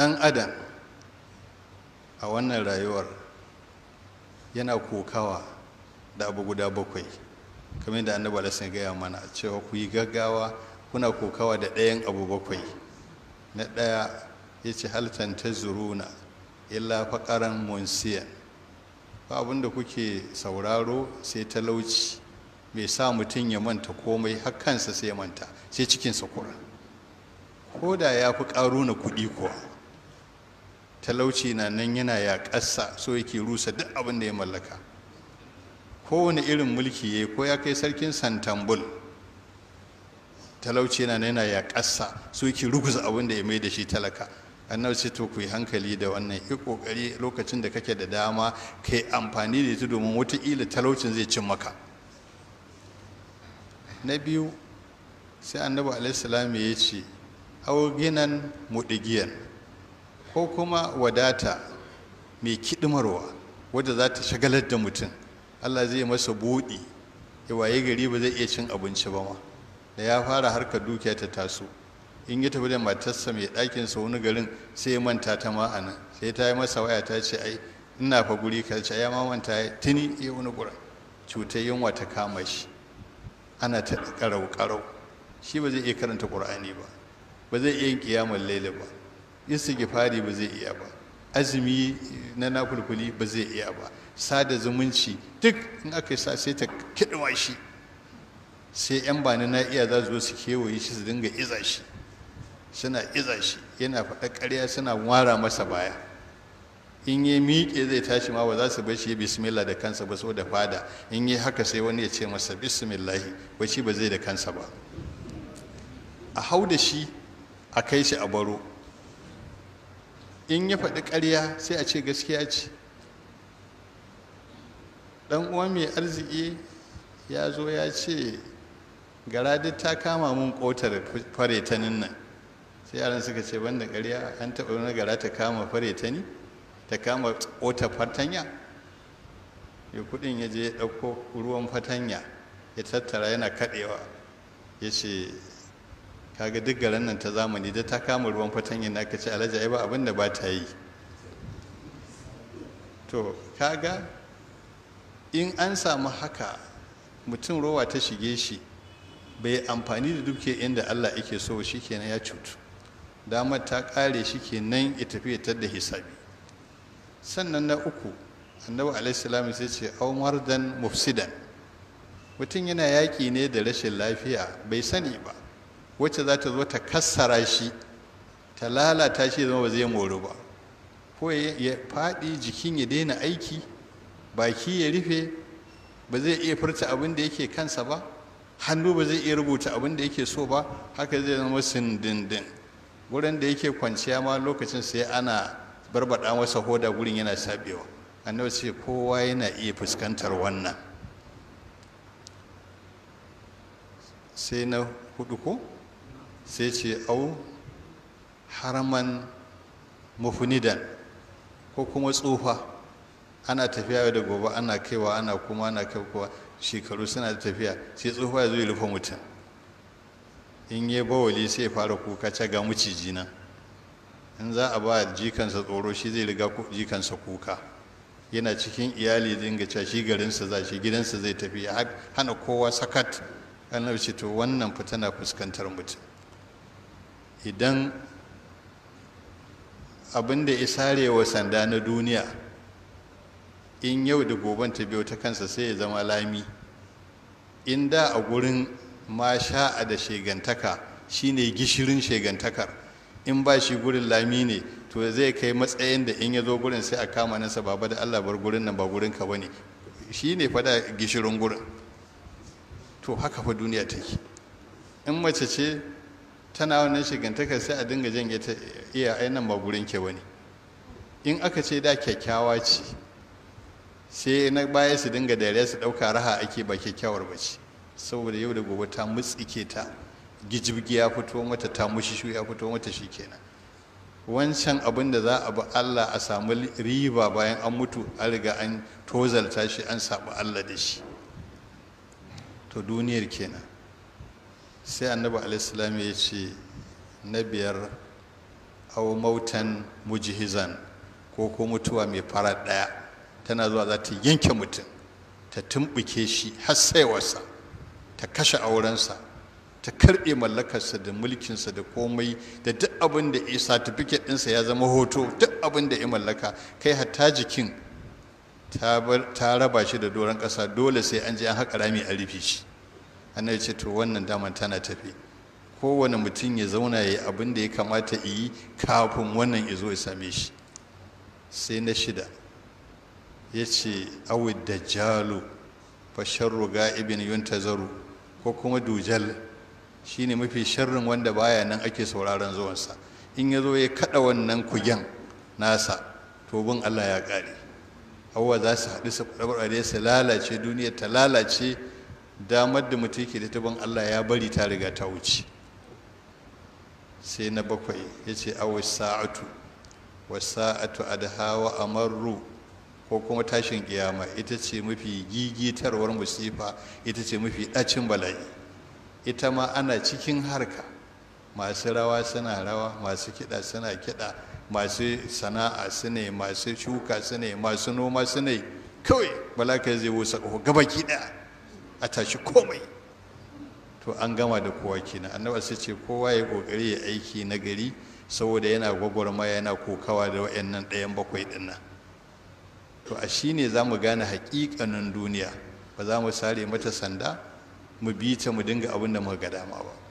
ɗan adam a wannan rayuwar yana kokawa da abu guda bakwai kamar da annabi sun gaya mana cewa ku yi gaggawa kuna kokawa da ɗayan abu bakwai na ɗaya ya ce halittar ta zuruna illa faƙaran monsiyan ba abinda kuke sauraro sai talauci mai sa mutum ya manta komai Hakkansa sai ya manta sai cikinsa kura ko da ya fi na kuɗi kuwa talauci na nan yana ƙasa so yake rusa duk abin da ya mallaka kowane irin mulki ya ko ya kai sarkin santambul talauci na nan yana ƙasa so yake rukusa abin da ya mai da shi talaka annabi ce to ku yi hankali da wannan yi ƙoƙari lokacin da kake da dama ka yi amfani da ita domin wataƙila talaucin zai cin maka na biyu sai annabi alaihi ya ce auginan mudigiyar ko kuma wadata mai kiɗimarwa wadda za ta shagalar da mutum allah zai masa buɗi ya waye gari ba zai iya cin abinci ba ma da ya fara harka dukiya ta taso in ya tafi da matarsa mai sa wani garin sai ya manta ta ma anan sai ta yi masa waya ta ce ai ina fa guri ka ce ya ma manta tuni ya wani gura cutar yunwa ta kama shi ana ta ƙarau ƙarau shi ba zai iya karanta ƙur'ani ba ba zai iya yin ƙiyamar laila ba istighfari ba zai iya ba azumi na nafulfuli ba zai iya ba sada zumunci duk in aka sa sai ta kiɗawa shi sai yan bani na iya za su zo su kewaye shi su dinga iza shi suna iza shi yana faɗa ƙarya suna wara masa baya in yi miƙe zai tashi ma ba za su bashi bismillah da kansa ba so da fada in yi haka sai wani ya ce masa bismillahi ba shi ba zai da kansa ba a hau da shi a kai shi a baro in ya faɗi ƙarya sai a ce gaskiya ce ɗan uwa mai arziki ya zo ya ce gara duk ta kama mun ƙotar faretanin nan sai yaran suka ce banda ƙarya an taɓa wani gara ta kama faretani ta kama ƙotar fartanya ya kuɗin ya je ya ɗauko ruwan fatanya ya tattara yana kaɗewa ya ce kaga duk garin nan ta zamani da ta kama ruwan fartanya aka ce alhaji ai ba abin da ba ta yi to kaga in an samu haka mutum rowa ta shige shi bai amfani da duke inda Allah yake so shi kenan ya cutu damar ta kare shi kenan ya tafi ta da hisabi sannan na uku annabi alaihissalam sai ce aumardan mufsidan mutum yana yaki ne da rashin lafiya bai sani ba wacce za ta zo ta kassara shi ta lalata shi zama ba zai moru ba ko ya faɗi jikin ya daina aiki baki ya rufe ba zai iya furta abin da yake kansa ba hannu ba zai iya rubuta abin da yake so ba haka zai zama sindindin wurin da yake kwanciya ma lokacin sai ana barbaɗa masa hoda gurin yana sabewa annabi ce kowa yana iya fuskantar wannan sai na hudu ko sai ce au haraman mafunidan ko kuma tsufa ana tafiya da gobe ana kaiwa ana kuma ana kaiwa shekaru suna tafiya sai tsufa ya zo ya rufe mutum in yi bawali sai ya fara kuka ce ga maciji na in za a ba jikansa tsoro shi zai riga jikansa kuka yana cikin iyali dinga cewa shi garinsa za shi gidansa zai tafi hana kowa sakat annabci ce to wannan fitana fuskantar mutum idan abin da ya wa sanda na duniya in yau da goben ta biyo ta kansa sai ya zama lami in da a gurin ma sha'a da shegantaka shine gishirin shegantakar in ba shi gurin lami ne to zai kai matsayin da in ya zo gurin sai a kama nasa baba da allah bar gurin nan ba gurin ka bane shi ne fada gishirin gurin to haka fa duniya take in mace ce tana wannan shigantaka sai a dinga jan ita iya ainihin ba gurin ke wani in aka ce da kyakkyawa ce sai na baya su dinga dare su ɗauka raha ake ba kyakkyawar ba ce saboda yau da gobe ta mutsike ta gijibgi ya fito mata ta mushishu ya fito mata shi kenan wancan abin da za a bi allah a samu riba bayan an mutu an riga an tozalta shi an saɓi allah da shi to duniyar kenan sai annabi alaihissalam ya ce na biyar au mautan mujihizan ko ko mutuwa mai fara ɗaya tana zuwa za ta yanke mutum ta tumɓuke shi har saiwarsa ta kashe aurensa ta karɓe mallakarsa da mulkinsa da komai da duk abin da ya satifiket ɗinsa ya zama hoto duk abin da ya mallaka kai hatta jikin ta raba shi da doron ƙasa dole sai an je an haƙa rami a rufe shi annabi ce to wannan daman tana tafi kowane mutum ya zauna ya yi abin da ya kamata yi kafin wannan ya zo ya same shi sai na shida ya ce awi dajjalu fasharru ga'ibin yuntazaru ko kuma dujal shine mafi sharrin wanda baya nan ake sauraron zuwansa in ya zo ya kada wannan kugen nasa to Allah ya kare awwa za su haɗu su su lalace duniya ta lalace damar da mutum yake da taban Allah ya bari ta riga ta wuce sai na bakwai ya ce wasu sa'atu wa sa'atu adhawa amarru ko kuma tashin kiyama ita ce mafi gigitarwar musifa ita ce mafi ɗacin bala'i ita ma ana cikin harka masu rawa suna rawa masu kiɗa suna kiɗa masu sana'a su ne masu shuka su masu noma su kawai bala ka zai wusa gabaki ɗaya a tashi komai to an gama da kowa kenan annaba sai ce kowa ya kokari ya aiki na gari saboda yana gwagwarmaya yana kokawa da wayannan ɗayan bakwai ɗin to a shine za mu gane haƙiƙanin duniya ba za mu sare mata sanda mu bi ta mu dinga abin da muka ga dama ba